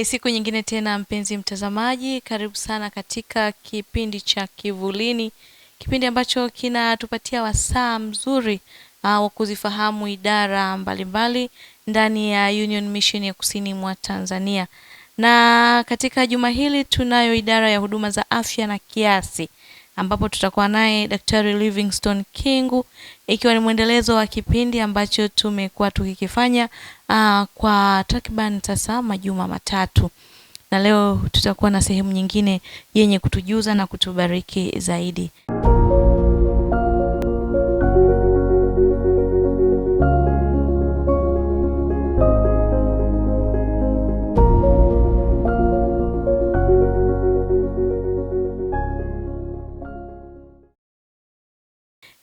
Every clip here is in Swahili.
Ni siku nyingine tena, mpenzi mtazamaji, karibu sana katika kipindi cha Kivulini, kipindi ambacho kinatupatia wasaa mzuri ah, wa kuzifahamu idara mbalimbali mbali ndani ya Union Mission ya Kusini mwa Tanzania. Na katika juma hili tunayo idara ya huduma za afya na kiasi ambapo tutakuwa naye Daktari Livingstone Kingu, ikiwa ni mwendelezo wa kipindi ambacho tumekuwa tukikifanya uh, kwa takriban sasa majuma matatu, na leo tutakuwa na sehemu nyingine yenye kutujuza na kutubariki zaidi.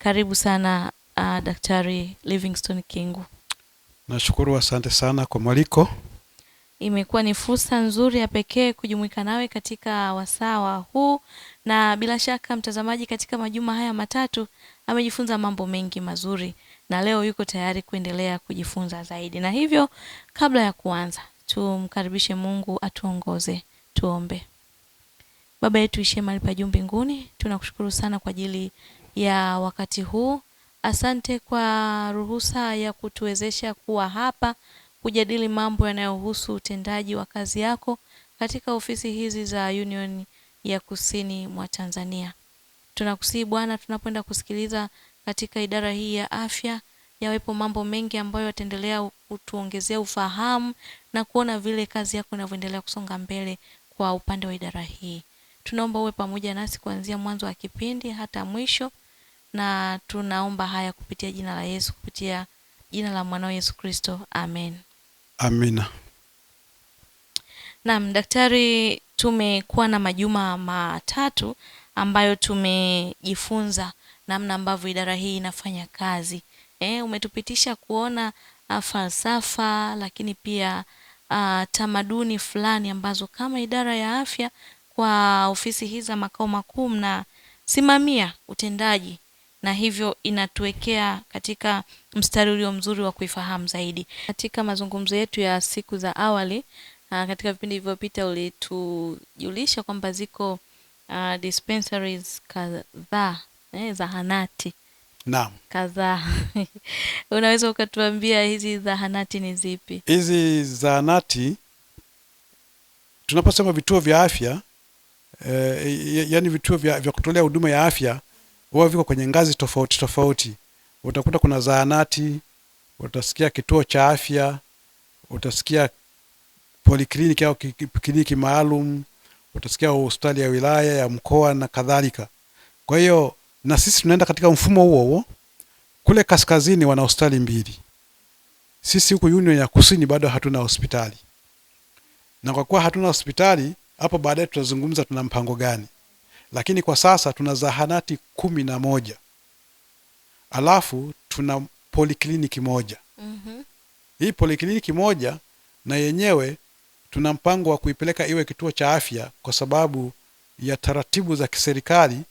Karibu sana uh, Daktari Livingstone Kingu. Nashukuru, asante sana kwa mwaliko. Imekuwa ni fursa nzuri ya pekee kujumuika nawe katika wasawa huu, na bila shaka mtazamaji, katika majuma haya matatu amejifunza mambo mengi mazuri, na leo yuko tayari kuendelea kujifunza zaidi. Na hivyo kabla ya kuanza, tumkaribishe Mungu atuongoze. Tuombe. Baba yetu ishie mahali pa juu mbinguni, tunakushukuru sana kwa ajili ya wakati huu. Asante kwa ruhusa ya kutuwezesha kuwa hapa kujadili mambo yanayohusu utendaji wa kazi yako katika ofisi hizi za Union ya Kusini mwa Tanzania. Tunakusihi Bwana, tunapoenda kusikiliza katika idara hii ya afya, yawepo mambo mengi ambayo yataendelea kutuongezea ufahamu na kuona vile kazi yako inavyoendelea kusonga mbele kwa upande wa idara hii. Tunaomba uwe pamoja nasi kuanzia mwanzo wa kipindi hata mwisho na tunaomba haya kupitia jina la Yesu, kupitia jina la mwanao Yesu Kristo, amen. Amina. Naam, daktari, tumekuwa na majuma matatu ambayo tumejifunza namna ambavyo idara hii inafanya kazi. E, umetupitisha kuona ah, falsafa lakini pia uh, tamaduni fulani ambazo kama idara ya afya kwa ofisi hizi za makao makuu mnasimamia utendaji na hivyo inatuwekea katika mstari ulio mzuri wa kuifahamu zaidi. Katika mazungumzo yetu ya siku za awali uh, katika vipindi vilivyopita ulitujulisha kwamba ziko uh, dispensaries kadhaa eh, zahanati Naam. Kadhaa. Unaweza ukatuambia hizi zahanati ni zipi? Hizi zahanati tunaposema vituo vya afya eh, yaani vituo vya, vya kutolea huduma ya afya huwa viko kwenye ngazi tofauti tofauti. Utakuta kuna zahanati, utasikia kituo cha afya, utasikia polikliniki au kliniki maalum, utasikia hospitali ya wilaya, ya mkoa na kadhalika. Kwa hiyo na sisi tunaenda katika mfumo huo huo. Kule kaskazini wana hospitali mbili, sisi huku Union ya kusini bado hatuna hospitali, na kwa kuwa hatuna hospitali hapo baadaye tutazungumza tuna mpango gani lakini kwa sasa tuna zahanati kumi na moja alafu tuna polikliniki moja mm -hmm. Hii polikliniki moja na yenyewe tuna mpango wa kuipeleka iwe kituo cha afya kwa sababu ya taratibu za kiserikali.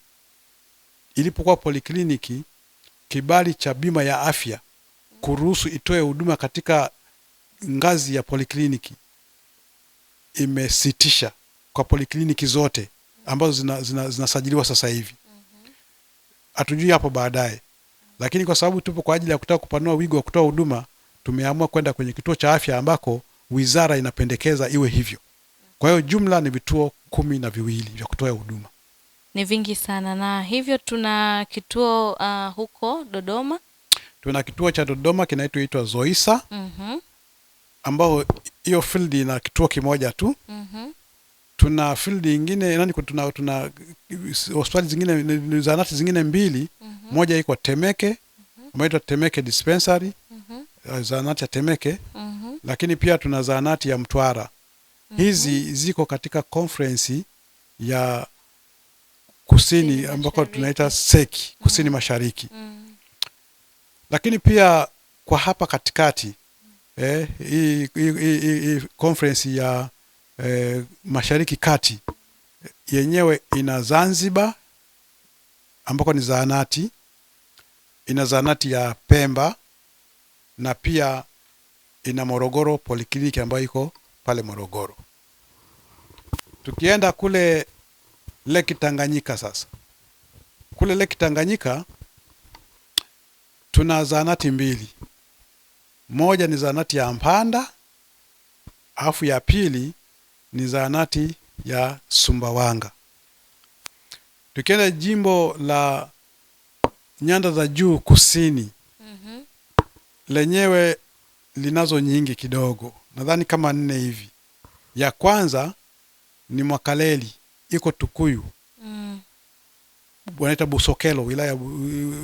Ilipokuwa polikliniki, kibali cha bima ya afya kuruhusu itoe huduma katika ngazi ya polikliniki imesitisha kwa polikliniki zote ambazo zinasajiliwa zina, zina sasa hivi hatujui hapo baadaye, lakini kwa sababu tupo kwa ajili ya kutaka kupanua wigo wa kutoa huduma, tumeamua kwenda kwenye kituo cha afya ambako wizara inapendekeza iwe hivyo. Kwa hiyo jumla ni vituo kumi na viwili vya kutoa huduma. Ni vingi sana, na hivyo tuna kituo uh, huko Dodoma, tuna kituo cha Dodoma kinaitwa Zoisa, mm -hmm. ambao hiyo field ina kituo kimoja tu, mm -hmm tuna field nyingine nani, tuna tuna hospitali zingine zahanati zingine mbili mm -hmm. moja iko Temeke ambayo mm -hmm. inaitwa Temeke dispensary mm -hmm. zahanati ya Temeke mm -hmm. lakini pia tuna zahanati ya Mtwara mm -hmm. hizi ziko katika conference ya kusini ambako tunaita seki mm -hmm. kusini mhm. mashariki mm -hmm. lakini pia kwa hapa katikati mm -hmm. eh, hii conference ya e, mashariki kati yenyewe ina Zanzibar ambako ni zahanati, ina zahanati ya Pemba na pia ina Morogoro polikliniki ambayo iko pale Morogoro. Tukienda kule Lake Tanganyika sasa, kule Lake Tanganyika tuna zahanati mbili, moja ni zahanati ya Mpanda, afu ya pili ni zahanati ya Sumbawanga. Tukienda jimbo la nyanda za juu kusini, mm -hmm. lenyewe linazo nyingi kidogo, nadhani kama nne hivi. Ya kwanza ni Mwakaleli, iko Tukuyu, mm. wanaita Busokelo, wilaya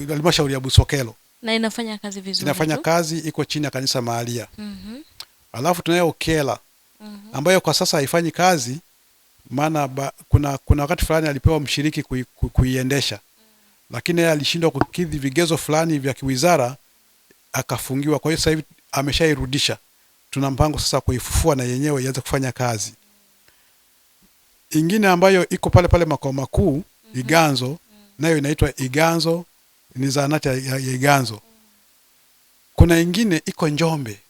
halmashauri ya Busokelo, na inafanya kazi vizuri, inafanya kazi, iko chini ya kanisa Mahalia. mm -hmm. alafu tunayo Kela mm -hmm. ambayo kwa sasa haifanyi kazi, maana kuna, kuna wakati fulani alipewa mshiriki kui, kui, kuiendesha mm -hmm. lakini yeye alishindwa kukidhi vigezo fulani vya kiwizara akafungiwa. Kwa hiyo sasa hivi ameshairudisha, tuna mpango sasa kuifufua na yenyewe iweze kufanya kazi. Mhm. Ingine ambayo iko pale pale makao makuu mm -hmm. Iganzo mm -hmm. nayo inaitwa Iganzo, ni zahanati ya Iganzo. Mhm. Kuna ingine iko Njombe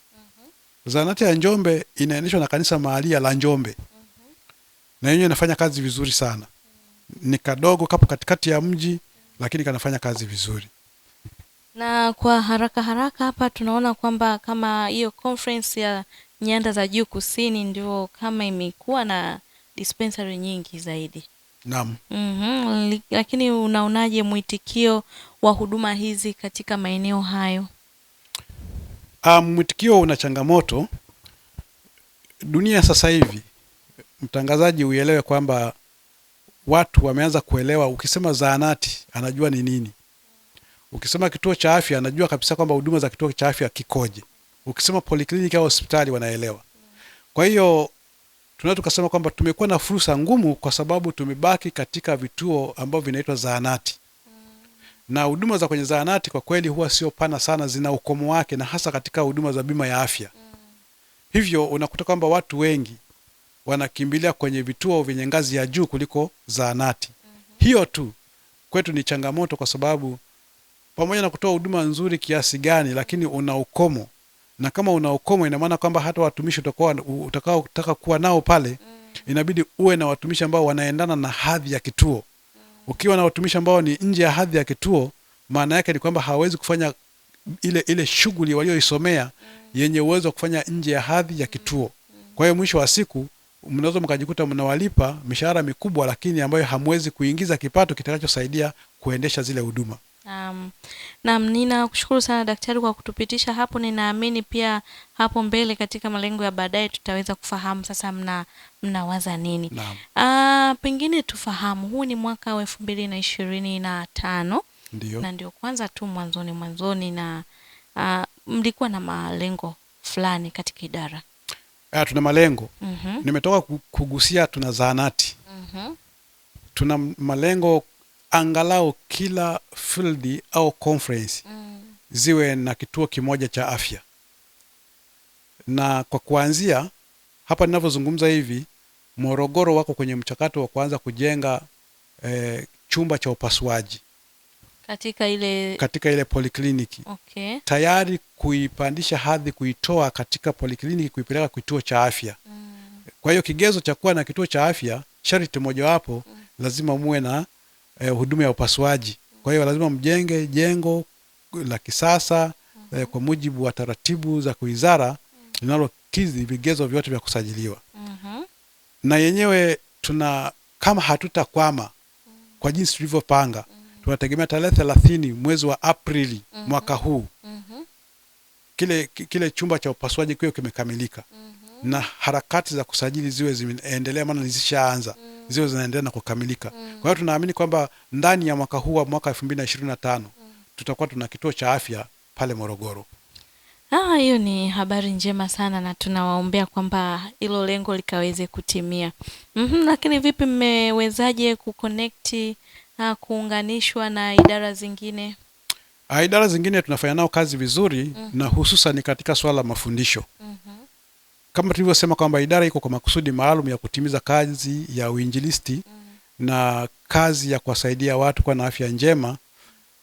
Zahanati ya Njombe inaendeshwa na kanisa mahalia la Njombe na yenyewe inafanya kazi vizuri sana. Ni kadogo, kapo katikati ya mji, lakini kanafanya kazi vizuri. Na kwa haraka haraka hapa tunaona kwamba kama hiyo conference ya nyanda za juu kusini ndio kama imekuwa na dispensary nyingi zaidi. Naam. Mm -hmm. Lakini unaonaje mwitikio wa huduma hizi katika maeneo hayo? Um, mwitikio una changamoto. Dunia sasa hivi, mtangazaji, uielewe kwamba watu wameanza kuelewa. Ukisema zahanati anajua ni nini, ukisema kituo cha afya anajua kabisa kwamba huduma za kituo cha afya kikoje, ukisema polikliniki au hospitali wanaelewa. Kwa hiyo tunaweza tukasema kwamba tumekuwa na fursa ngumu, kwa sababu tumebaki katika vituo ambavyo vinaitwa zahanati na huduma za kwenye zahanati kwa kweli huwa sio pana sana, zina ukomo wake, na hasa katika huduma za bima ya afya mm. Hivyo unakuta kwamba watu wengi wanakimbilia kwenye vituo vyenye ngazi ya juu kuliko zahanati mm -hmm. Hiyo tu kwetu ni changamoto, kwa sababu pamoja na kutoa huduma nzuri kiasi gani, lakini una ukomo, na kama una ukomo, ina maana kwamba hata watumishi utakaotaka kuwa nao pale mm. Inabidi uwe na watumishi ambao wanaendana na hadhi ya kituo ukiwa na watumishi ambao ni nje ya hadhi ya kituo, maana yake ni kwamba hawawezi kufanya ile ile shughuli walioisomea yenye uwezo wa kufanya nje ya hadhi ya kituo. Kwa hiyo mwisho wa siku mnaweza mkajikuta mnawalipa mishahara mikubwa, lakini ambayo hamwezi kuingiza kipato kitakachosaidia kuendesha zile huduma. Um, naam, ninakushukuru sana daktari kwa kutupitisha hapo. Ninaamini pia hapo mbele katika malengo ya baadaye tutaweza kufahamu sasa mna mnawaza nini. Naam. Uh, pengine tufahamu huu ni mwaka wa elfu mbili na ishirini na tano ndio, na ndio kwanza tu mwanzoni mwanzoni, na uh, mlikuwa na malengo fulani katika idara eh, tuna malengo mm -hmm. Nimetoka kugusia tuna zahanati mm -hmm. Tuna malengo angalau kila field au conference mm ziwe na kituo kimoja cha afya, na kwa kuanzia hapa ninavyozungumza hivi, Morogoro wako kwenye mchakato wa kuanza kujenga eh, chumba cha upasuaji katika ile katika ile polikliniki okay. Tayari kuipandisha hadhi, kuitoa katika polikliniki, kuipeleka kituo cha afya mm. Kwa hiyo kigezo cha kuwa na kituo cha afya, sharti mojawapo mm. lazima muwe na eh, huduma ya upasuaji mm. Kwa hiyo lazima mjenge jengo la kisasa mm -hmm. eh, kwa mujibu wa taratibu za wizara mm. vigezo vyote vya kusajiliwa mm -hmm. na yenyewe tuna kama hatutakwama mm. kwa jinsi tulivyopanga mm tunategemea tarehe thelathini mwezi wa Aprili mm -hmm. mwaka huu mm -hmm. kile, kile chumba cha upasuaji kio kimekamilika mm -hmm. na harakati za kusajili ziwe zimeendelea, maana zishaanza mm -hmm. ziwe zinaendelea na kukamilika mm -hmm. kwa hiyo tunaamini kwamba ndani ya mwaka huu wa mwaka elfu mbili na ishirini na tano mm -hmm. tutakuwa tuna kituo cha afya pale Morogoro. Ah, hiyo ni habari njema sana na tunawaombea kwamba hilo lengo likaweze kutimia. Mm -hmm, lakini vipi mmewezaje kuconnect uh, kuunganishwa na idara zingine? Uh, idara zingine tunafanya nao kazi vizuri mm -hmm. na hususan katika swala la mafundisho mm -hmm. Kama tulivyosema kwamba idara iko kwa makusudi maalum ya kutimiza kazi ya uinjilisti mm -hmm. na kazi ya kuwasaidia watu kuwa na afya njema.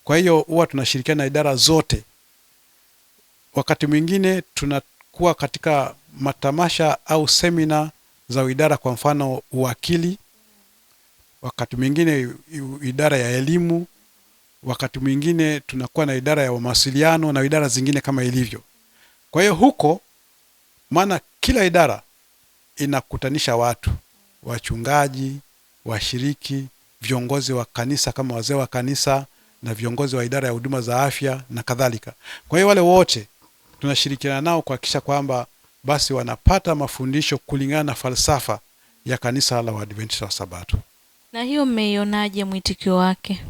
Kwa hiyo huwa tunashirikiana na idara zote. Wakati mwingine tunakuwa katika matamasha au semina za idara, kwa mfano uwakili wakati mwingine idara ya elimu, wakati mwingine tunakuwa na idara ya mawasiliano na idara zingine kama ilivyo. Kwa hiyo huko, maana kila idara inakutanisha watu, wachungaji, washiriki, viongozi wa kanisa kama wazee wa kanisa na viongozi wa idara ya huduma za afya na kadhalika. Kwa hiyo wale wote tunashirikiana nao kuhakikisha kwamba basi wanapata mafundisho kulingana na falsafa ya kanisa la Waadventista wa Sabato. Na hiyo mmeionaje mwitikio wake?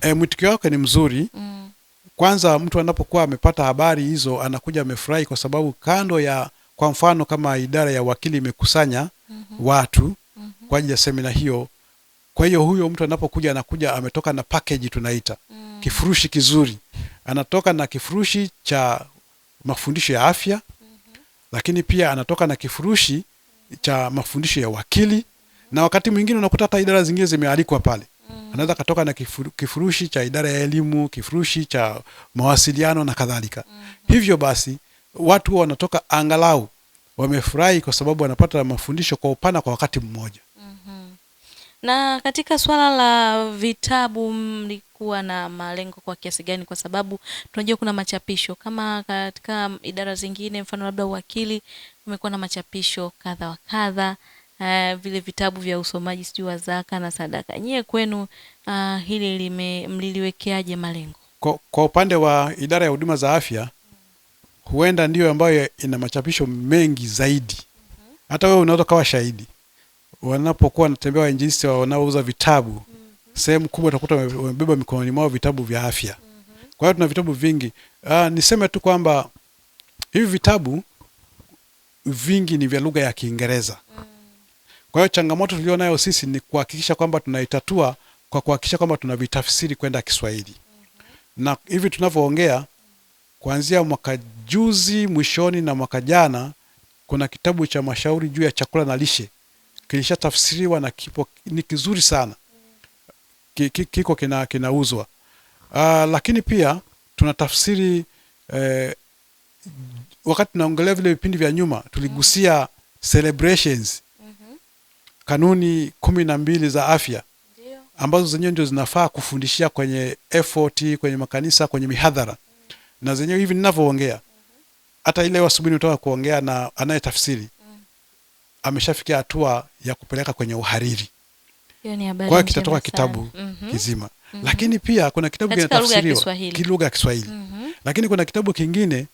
E, mwitikio wake ni mzuri mm. Kwanza mtu anapokuwa amepata habari hizo anakuja amefurahi, kwa sababu kando ya kwa mfano kama idara ya wakili imekusanya mm -hmm. watu mm -hmm. kwa ajili ya semina hiyo. Kwa hiyo huyo mtu anapokuja anakuja ametoka na package tunaita mm. kifurushi kizuri, anatoka na kifurushi cha mafundisho ya afya mm -hmm. lakini pia anatoka na kifurushi cha mafundisho ya wakili na wakati mwingine unakuta hata idara zingine zimealikwa pale mm. anaweza katoka na kifuru, kifurushi cha idara ya elimu, kifurushi cha mawasiliano na kadhalika mm -hmm. Hivyo basi watu wanatoka angalau wamefurahi, kwa sababu wanapata mafundisho kwa upana kwa wakati mmoja mm-hmm. Na katika swala la vitabu mlikuwa na malengo kwa kiasi gani? Kwa sababu tunajua kuna machapisho kama katika idara zingine, mfano labda uwakili umekuwa na machapisho kadha wa kadha uh, vile vitabu vya usomaji sijui wa zaka na sadaka. Nyie kwenu uh, hili lime mliliwekeaje malengo? Kwa, kwa upande wa idara ya huduma za afya huenda ndiyo ambayo ina machapisho mengi zaidi. Mhm. Hata wewe unaweza kawa shahidi wanapokuwa natembea wainjilisti wanaouza vitabu mm -hmm. Sehemu kubwa utakuta wamebeba mikononi mwao vitabu vya afya mm -hmm. Kwa hiyo tuna vitabu vingi. Aa, ah, niseme tu kwamba hivi vitabu vingi ni vya lugha ya Kiingereza mm -hmm. Kwa hiyo changamoto tulio nayo sisi ni kuhakikisha kwamba tunaitatua kwa kuhakikisha kwamba tunavitafsiri kwenda Kiswahili. Mm-hmm. Na hivi tunavyoongea, kuanzia mwaka juzi mwishoni na mwaka jana, kuna kitabu cha mashauri juu ya chakula na lishe kilishatafsiriwa na kipo, ni kizuri sana kiko kina kinauzwa. Uh, lakini pia tafsiri eh, wakati tunaongelea vile vipindi vya nyuma tuligusia mm-hmm. celebrations kanuni kumi na mbili za afya ambazo zenyewe ndio zinafaa kufundishia kwenye effort, kwenye makanisa, kwenye mihadhara na zenyewe hivi ninavyoongea hata ile asubuhi nitaka kuongea na anayetafsiri mm. ameshafikia hatua ya kupeleka kwenye uhariri. Kwa hiyo kitatoka kitabu mm -hmm. kizima mm -hmm. lakini pia kuna kitabu kinatafsiriwa kilugha ya Kiswahili mm -hmm. lakini kuna kitabu kingine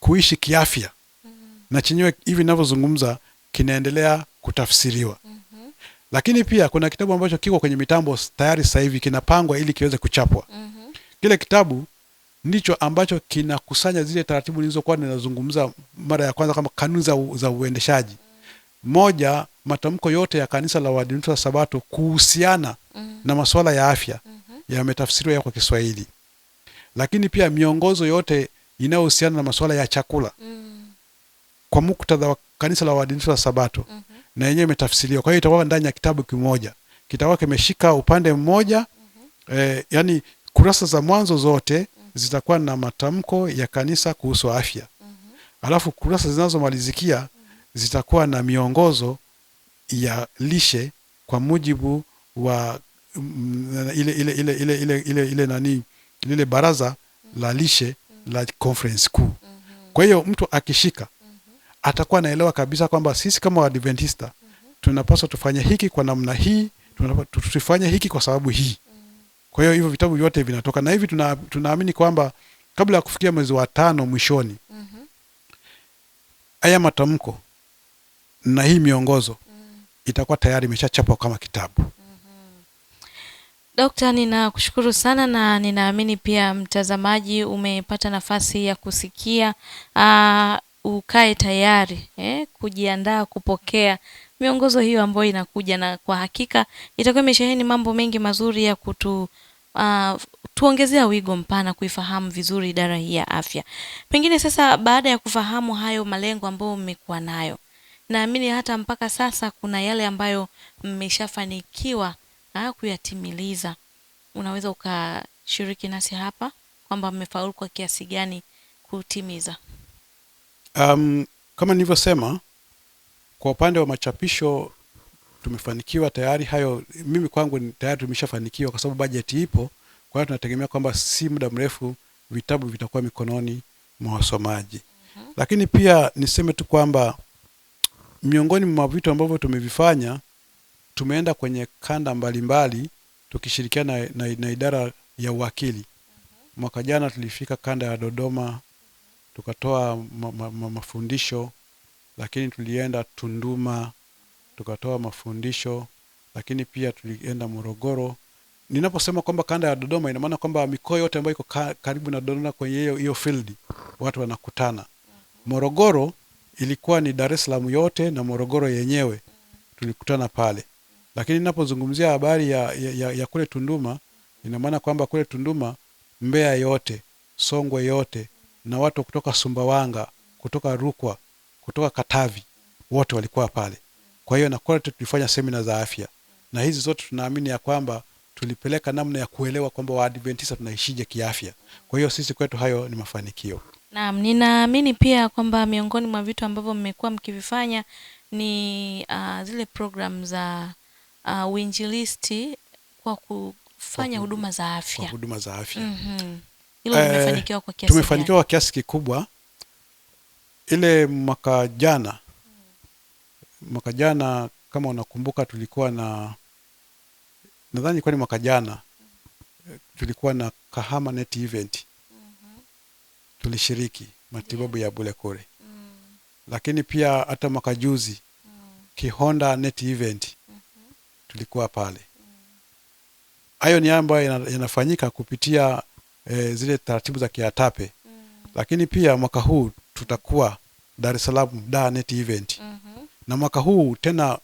kuishi kiafya mm -hmm. na chenyewe hivi ninavyozungumza kinaendelea kutafsiriwa mm -hmm. Lakini pia kuna kitabu ambacho kiko kwenye mitambo tayari sasa hivi kinapangwa ili kiweze kuchapwa mm -hmm. Kile kitabu ndicho ambacho kinakusanya zile taratibu nilizokuwa ninazungumza mara ya kwanza kama kanuni za, za uendeshaji mm -hmm. Moja, matamko yote ya kanisa la Waadventista wa Sabato kuhusiana mm -hmm. na masuala ya afya mm -hmm. yametafsiriwa ya kwa Kiswahili, lakini pia miongozo yote inayohusiana na masuala ya chakula mm -hmm. kwa muktadha wa kanisa la Waadventista wa Sabato mm -hmm na yenyewe imetafsiriwa. Kwa hiyo itakuwa ndani ya kitabu kimoja, kitakuwa kimeshika upande mmoja mm -hmm. eh, yani kurasa za mwanzo zote zitakuwa na matamko ya kanisa kuhusu afya mm -hmm. alafu kurasa zinazomalizikia mm-hmm. zitakuwa na miongozo ya lishe kwa mujibu wa mm, ile, ile, ile, ile, ile, ile, ile nani lile baraza la mm-hmm. lishe la conference kuu mm -hmm. kwa hiyo mtu akishika atakuwa anaelewa kabisa kwamba sisi kama Waadventista tunapaswa tufanye hiki kwa namna hii, tufanye hiki kwa sababu hii. Kwa hiyo hivyo vitabu vyote vinatoka na hivi, tunaamini kwamba kabla ya kufikia mwezi wa tano mwishoni, haya matamko na hii miongozo itakuwa tayari imeshachapwa kama kitabu. Dokta, ninakushukuru sana na ninaamini pia mtazamaji umepata nafasi ya kusikia aa, ukae tayari eh, kujiandaa kupokea miongozo hiyo ambayo inakuja, na kwa hakika itakuwa imesheheni mambo mengi mazuri ya kutu uh, tuongezea wigo mpana kuifahamu vizuri idara hii ya afya. Pengine sasa, baada ya kufahamu hayo malengo ambayo mmekuwa nayo, naamini hata mpaka sasa kuna yale ambayo mmeshafanikiwa ah, kuyatimiliza. Unaweza ukashiriki nasi hapa kwamba mmefaulu kwa kiasi gani kutimiza? Um, kama nilivyosema kwa upande wa machapisho tumefanikiwa tayari hayo, mimi kwangu ni tayari tumeshafanikiwa kwa sababu bajeti ipo. Kwa hiyo tunategemea kwamba si muda mrefu vitabu vitakuwa mikononi mwa wasomaji. mm -hmm. Lakini pia niseme tu kwamba miongoni mwa vitu ambavyo tumevifanya tumeenda kwenye kanda mbalimbali tukishirikiana na, na, na idara ya uwakili. mm -hmm. Mwaka jana tulifika kanda ya Dodoma tukatoa ma, ma, ma, mafundisho, lakini tulienda Tunduma tukatoa mafundisho, lakini pia tulienda Morogoro. Ninaposema kwamba kanda ya Dodoma, inamaana kwamba mikoa yote ambayo iko karibu na Dodoma kwenye hiyo hiyo field watu wanakutana. Morogoro ilikuwa ni Dar es Salaam yote na Morogoro yenyewe tulikutana pale, lakini ninapozungumzia habari ya, ya, ya kule Tunduma, inamaana kwamba kule Tunduma mbea yote, Songwe yote na watu kutoka Sumbawanga, kutoka Rukwa, kutoka Katavi, wote walikuwa pale. Kwa hiyo na kwetu tulifanya semina za afya, na hizi zote tunaamini ya kwamba tulipeleka namna ya kuelewa kwamba Waadventista tunaishije kiafya. Kwa hiyo sisi kwetu hayo ni mafanikio. Naam, ninaamini pia kwamba miongoni mwa vitu ambavyo mmekuwa mkivifanya ni uh, zile programu za uh, uinjilisti kwa kufanya kwa huduma za afya, kwa huduma za afya. Mm -hmm hilo eh, limefanikiwa kwa kiasi tumefanikiwa kwa kiasi kikubwa. Ile mwaka jana mwaka jana kama unakumbuka, tulikuwa na nadhani kwani mwaka jana tulikuwa na Kahama Net Event mm-hmm. tulishiriki matibabu ya bule kule, mm. lakini pia hata mwaka juzi mm. Kihonda Net Event mm-hmm. tulikuwa pale. Mm. Hayo ni ambayo yanafanyika kupitia e, zile taratibu za kiatape mm. Lakini pia mwaka huu tutakuwa Dar es Salaam da net event mm -hmm. Na mwaka huu tena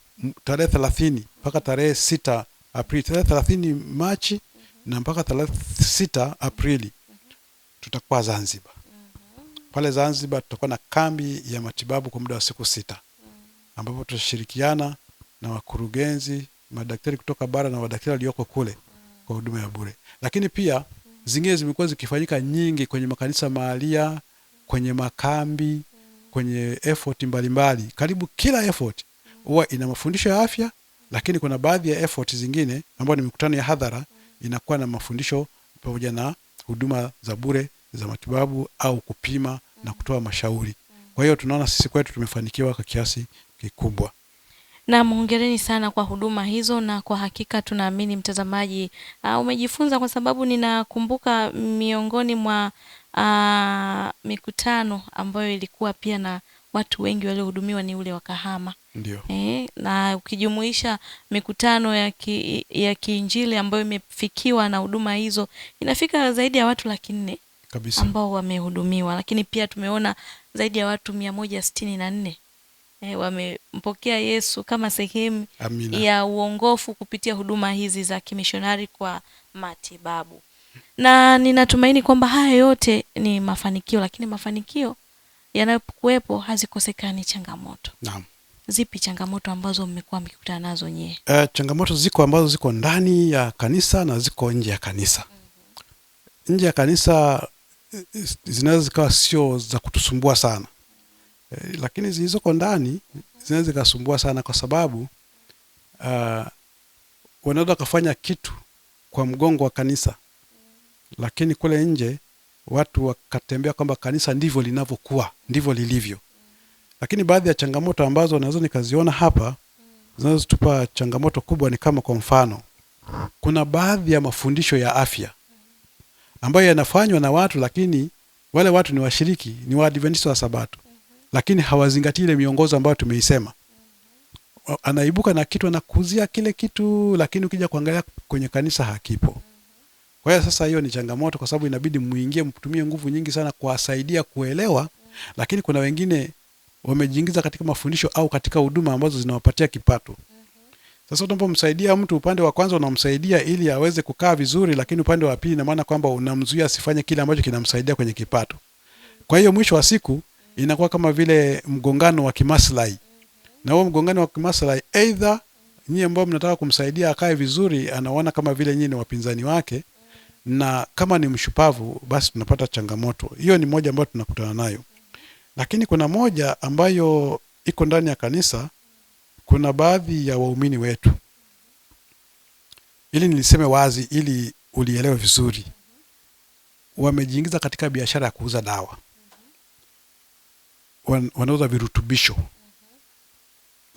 tarehe thelathini mpaka tarehe sita Aprili, tarehe thelathini Machi mm -hmm. na mpaka tarehe sita Aprili mm -hmm. tutakuwa Zanzibar mhm. Pale Zanzibar tutakuwa na kambi ya matibabu kwa muda wa siku sita mm ambapo tutashirikiana na wakurugenzi madaktari kutoka bara na wadaktari walioko kule mm. kwa huduma ya bure, lakini pia zingine zimekuwa zikifanyika nyingi kwenye makanisa mahalia, kwenye makambi, kwenye effort mbalimbali. Karibu kila effort huwa ina mafundisho ya afya, lakini kuna baadhi ya effort zingine ambayo ni mikutano ya hadhara inakuwa na mafundisho pamoja na huduma za bure za matibabu au kupima na kutoa mashauri. Kwa hiyo tunaona sisi kwetu tumefanikiwa kwa kiasi kikubwa. Na hongereni sana kwa huduma hizo, na kwa hakika tunaamini mtazamaji uh, umejifunza, kwa sababu ninakumbuka miongoni mwa uh, mikutano ambayo ilikuwa pia na watu wengi waliohudumiwa ni ule wa Kahama. E, na ukijumuisha mikutano ya, ki, ya kiinjili ambayo imefikiwa na huduma hizo inafika zaidi ya watu laki nne ambao wamehudumiwa, lakini pia tumeona zaidi ya watu mia moja sitini na nne e, wamempokea Yesu kama sehemu ya uongofu kupitia huduma hizi za kimishonari kwa matibabu, hmm. na ninatumaini kwamba haya yote ni mafanikio, lakini mafanikio yanapokuwepo hazikosekani changamoto. Naam. Zipi changamoto ambazo mmekuwa mkikutana nazo nyewe? Uh, eh, changamoto ziko ambazo ziko ndani ya kanisa na ziko nje ya kanisa. mm -hmm. Nje ya kanisa eh, zinaweza zikawa sio za kutusumbua sana, Eh, lakini zilizoko ndani zinaweza zikasumbua sana, kwa sababu uh, wanaweza wakafanya kitu kwa mgongo wa kanisa, lakini kule nje watu wakatembea kwamba kanisa ndivyo linavyokuwa, ndivyo lilivyo. Lakini baadhi ya changamoto ambazo naweza nikaziona hapa zinazotupa changamoto kubwa ni kama kwa mfano, kuna baadhi ya mafundisho ya afya ambayo yanafanywa na watu, lakini wale watu ni washiriki, ni Waadventista wa Sabato lakini hawazingatii ile miongozo ambayo tumeisema. Anaibuka na kitu anakuzia kile kitu, lakini ukija kuangalia kwenye kanisa hakipo. Kwa hiyo sasa, hiyo ni changamoto, kwa sababu inabidi muingie, mtumie nguvu nyingi sana kuwasaidia kuelewa, lakini kuna wengine wamejiingiza katika mafundisho au katika huduma ambazo zinawapatia kipato. Sasa unapomsaidia mtu, upande wa kwanza unamsaidia ili aweze kukaa vizuri, lakini upande wa pili, na maana kwamba unamzuia asifanye kile ambacho kinamsaidia kwenye kipato. Kwa hiyo mwisho wa siku inakuwa kama vile mgongano wa kimaslahi, na huo mgongano wa kimaslahi aidha nyinyi ambao mnataka kumsaidia akae vizuri, anaona kama vile nyinyi ni wapinzani wake, na kama ni mshupavu, basi tunapata changamoto hiyo. Ni moja ambayo tunakutana nayo, lakini kuna moja ambayo iko ndani ya kanisa. Kuna baadhi ya waumini wetu, ili niliseme wazi, ili ulielewe vizuri, wamejiingiza katika biashara ya kuuza dawa wanauza virutubisho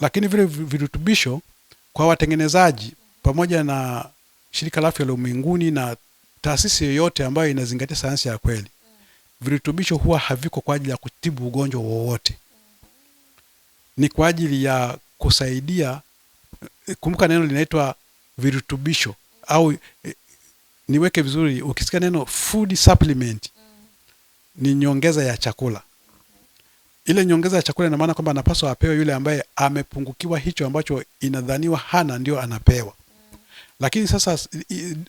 Lakini vile virutubisho kwa watengenezaji pamoja na shirika la afya la ulimwenguni na taasisi yoyote ambayo inazingatia sayansi ya kweli Virutubisho huwa haviko kwa ajili ya kutibu ugonjwa wowote Ni kwa ajili ya kusaidia. Kumbuka neno linaitwa virutubisho Au e, niweke vizuri, ukisikia neno food supplement Ni nyongeza ya chakula ile nyongeza ya chakula ina maana kwamba anapaswa apewe yule ambaye amepungukiwa hicho ambacho inadhaniwa hana, ndio anapewa. Lakini sasa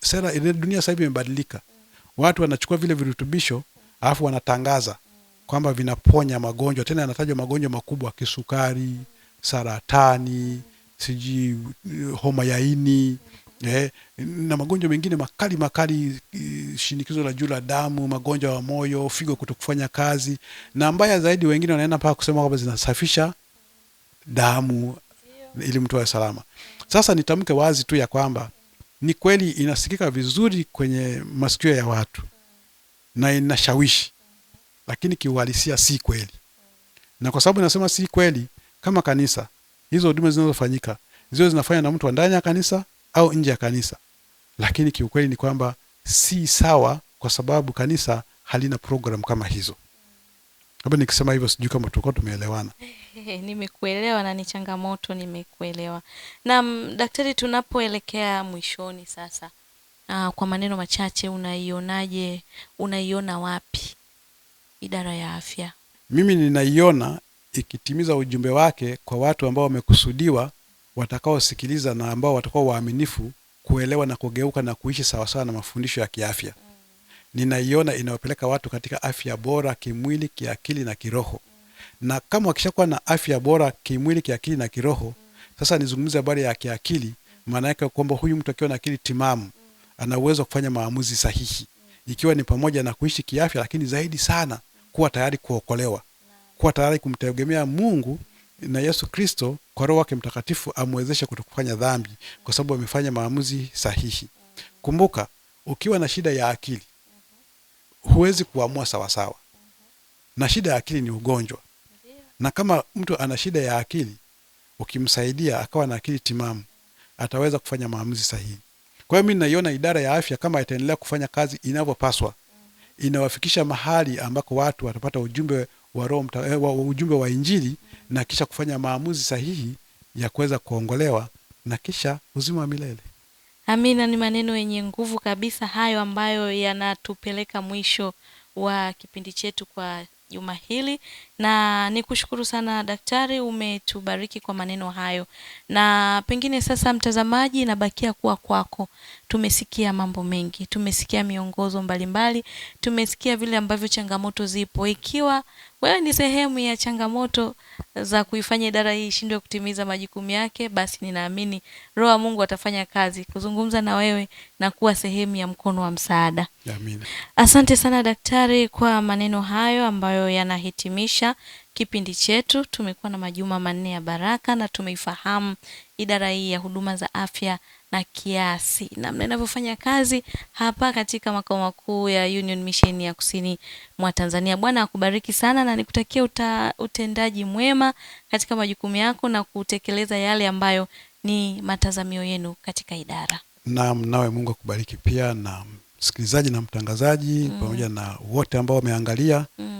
sera ile dunia sasa hivi imebadilika, watu wanachukua vile virutubisho alafu wanatangaza kwamba vinaponya magonjwa, tena yanatajwa magonjwa makubwa, kisukari, saratani, sijui eh, homa ya ini eh, na magonjwa mengine makali makali, shinikizo la juu la damu, magonjwa ya moyo, figo kutokufanya kazi, na mbaya zaidi wengine wanaenda mpaka kusema kwamba zinasafisha damu ili mtu awe salama. Sasa nitamke wazi tu ya kwamba ni kweli inasikika vizuri kwenye masikio ya watu na inashawishi, lakini kiuhalisia si kweli. Na kwa sababu nasema si kweli, kama kanisa hizo huduma zinazofanyika ziwe zinafanya na mtu wa ndani ya kanisa au nje ya kanisa, lakini kiukweli ni kwamba si sawa, kwa sababu kanisa halina program kama hizo. Labda nikisema hivyo, sijui kama tulikuwa tumeelewana. Nimekuelewa na ni changamoto, nimekuelewa. Na daktari, tunapoelekea mwishoni sasa, aa, ah, kwa maneno machache, unaionaje, unaiona wapi idara ya afya? Mimi ninaiona ikitimiza ujumbe wake kwa watu ambao wamekusudiwa watakaosikiliza na ambao watakuwa waaminifu kuelewa na kugeuka na kuishi sawasawa na mafundisho ya kiafya. Ninaiona inawapeleka watu katika afya bora kimwili, kiakili na kiroho. Na kama wakishakuwa na afya bora kimwili, kiakili na kiroho, sasa nizungumze habari ya kiakili. Maana yake kwamba huyu mtu akiwa na akili timamu ana uwezo wa kufanya maamuzi sahihi, ikiwa ni pamoja na kuishi kiafya, lakini zaidi sana kuwa tayari kuokolewa, kuwa tayari kumtegemea Mungu na Yesu Kristo kwa Roho wake Mtakatifu amwezeshe kutokufanya dhambi, kwa sababu amefanya maamuzi sahihi. Kumbuka, ukiwa na shida ya akili huwezi kuamua sawasawa, na shida ya akili ni ugonjwa, na kama mtu ana shida ya akili ukimsaidia akawa na akili timamu ataweza kufanya maamuzi sahihi. Kwa hiyo mi naiona idara ya afya kama itaendelea kufanya kazi inavyopaswa, inawafikisha mahali ambako watu watapata ujumbe wa roho eh, wa ujumbe wa Injili na kisha kufanya maamuzi sahihi ya kuweza kuongolewa na kisha uzima wa milele. Amina. Ni maneno yenye nguvu kabisa hayo ambayo yanatupeleka mwisho wa kipindi chetu kwa juma hili na kushukuru sana daktari, umetubariki kwa maneno hayo, na pengine sasa, mtazamaji, nabakia kuwa kwako. Tumesikia mambo mengi, tumesikia miongozo mbalimbali, tumesikia vile ambavyo changamoto zipo. Ikiwa wewe ni sehemu ya changamoto za kuifanya idara hii ishindwe kutimiza majukumu yake, basi ninaamini Roho wa Mungu atafanya kazi kuzungumza na wewe na kuwa sehemu ya mkono wa msaada. Amina. Asante sana daktari kwa maneno hayo ambayo yanahitimisha kufanikisha kipindi chetu. Tumekuwa na majuma manne ya baraka na tumeifahamu idara hii ya huduma za afya na kiasi, namna inavyofanya kazi hapa katika makao makuu ya Union Mission ya Kusini mwa Tanzania. Bwana akubariki sana na nikutakia uta, utendaji mwema katika majukumu yako na kutekeleza yale ambayo ni matazamio yenu katika idara. nam nawe Mungu akubariki pia na msikilizaji na mtangazaji mm. pamoja na wote ambao wameangalia mm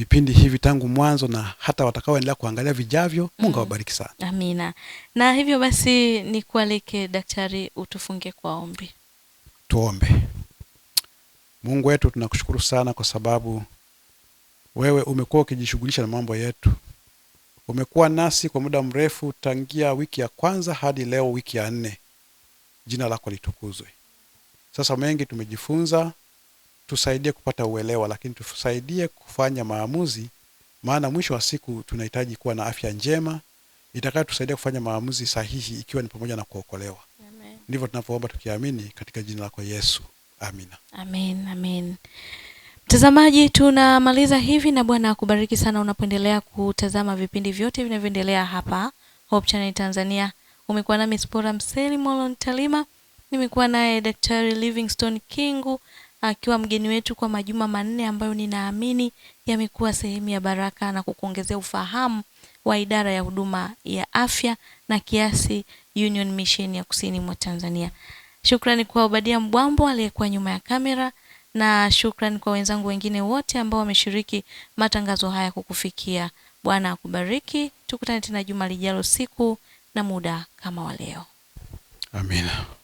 vipindi hivi tangu mwanzo na hata watakaoendelea kuangalia vijavyo. Mungu mm. awabariki sana. Amina. Na hivyo basi nikualike daktari, utufunge kwa ombi. Tuombe. Mungu wetu, tunakushukuru sana kwa sababu wewe umekuwa ukijishughulisha na mambo yetu. Umekuwa nasi kwa muda mrefu tangia wiki ya kwanza hadi leo wiki ya nne. Jina lako litukuzwe. Sasa mengi tumejifunza tusaidie kupata uelewa, lakini tusaidie kufanya maamuzi, maana mwisho wa siku tunahitaji kuwa na afya njema itakayo tusaidia kufanya maamuzi sahihi, ikiwa ni pamoja na kuokolewa. Ndivyo tunavyoomba tukiamini katika jina lako Yesu, amina. Amen, amen. Mtazamaji, tunamaliza hivi, na Bwana akubariki sana unapoendelea kutazama vipindi vyote vinavyoendelea hapa Hope Channel Tanzania. Umekuwa nami Spora Mseli Molon Talima, nimekuwa naye Daktari Livingstone Kingu akiwa mgeni wetu kwa majuma manne ambayo ninaamini yamekuwa sehemu ya baraka na kukuongezea ufahamu wa idara ya huduma ya afya na kiasi Union Mission ya kusini mwa Tanzania. Shukrani kwa Obadia Mbwambo aliyekuwa nyuma ya kamera na shukrani kwa wenzangu wengine wote ambao wameshiriki matangazo haya kukufikia. Bwana akubariki. Tukutane tena juma lijalo siku na muda kama wa leo. Amina.